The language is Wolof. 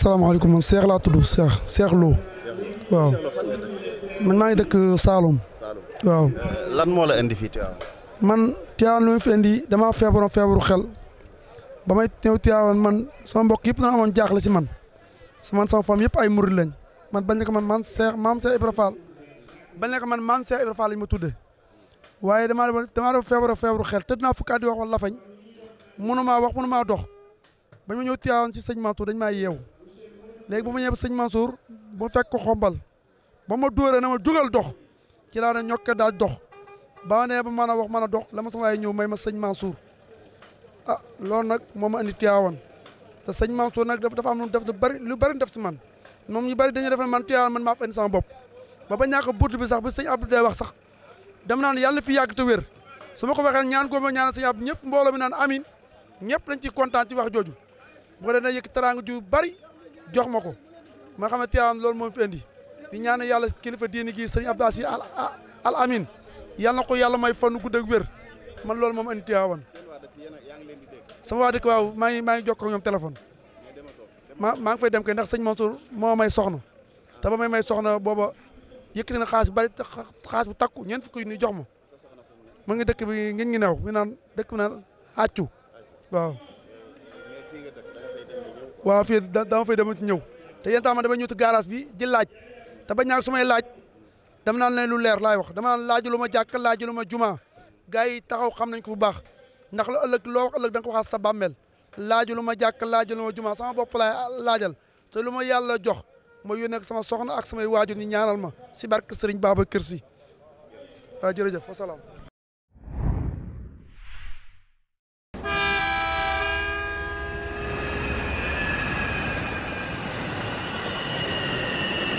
salaamaaleykum man Cheikh laa tudd Cheikh Cheikh Lo waaw man maa ngi dëkk Saalum waaw. Euh, lan moo la indi fii Tivaouane. man Tivaouane lu ma fi indi damaa feebaroon feebaru xel ba may ñëw Tivaouane man sama mbokk yëpp dana amoon jaaxle si man sama sama fam yëpp ay murid lañ man bañ ne ko man man Cheikh maam Cheikh Ibra Fall bañ ne man maam Cheikh Ibra Fall lañ ma tuddee waaye damaa demoon damaa doon feebaru feebaru xel tëdd naa fukki at di wax wala fañ mënumaa wax mënumaa dox bañ ma ñëw Tivaouane si sëñ Mantour dañ maa yeewu. léegi ba ma ñëw sëñ Mansour ba fekk ko xombal ba ma dóoree na ma jugal dox ci laa na ñokk daaj dox ba ma nee ba mën a wax mën a dox la ma sama waay ñëw may ma sëñ Mansour a ah, loolu nag moom ma andi Tiwaawan te sëñ Mansour nag dafa am lu def lu bari lu bari def si man moom ñu bari dañuy def man Tiwaawan man maa fa indi sama bopp ba ba ñàkk burd bi sax bi sëñ Abdou day wax sax dem naan yàlla na fi yàgg te wér su ma ko waxee ñaan goo ma ñaan sëñ Abdou ñëpp mbooloo mi naan amin ñëpp dañ ci kontaan ci wax jooju bu bari jox ma ko ma xam ne Tiwaawan loolu moom fi indi di ñaan yàlla kilifa diini gii sëñ Abdou Aziz Al Amin yal na ko yàlla may fan gudd ak wér man loolu moom indi Tiwaawan sama waa dëkk waaw maa ngi maa ngi jokkoo ak ñoom téléphone maa ngi fay dem kay ndax sëñ Mansour moo may soxna te may may soxna booba yëkkati na xaalis bu bari xaalis bu takku ñeent fukki junni jox ma mu ngi dëkk bi ngeen ngi neew mi naan dëkk bi naan àccu waaw fii dama fay dama ci ñëw te yéen ma dama ñëw ci garage bi di laaj te ba naa su may laaj dama naan leen lu leer laay wax dama naan laaju lu ma jàkk laaju lu ma juma gars yi taxaw xam nañ ko bu baax ndax la ëllëg loo wax ëllëg sa bàmmeel laaju lu ma jàkk laaju lu ma juma sama bopp laay laajal te lu ma yàlla jox ma yónnee ak sama soxna ak samay waajur ni ñaanal ma si barke Serigne Babacar Sy waaw jërëjëf wasalaam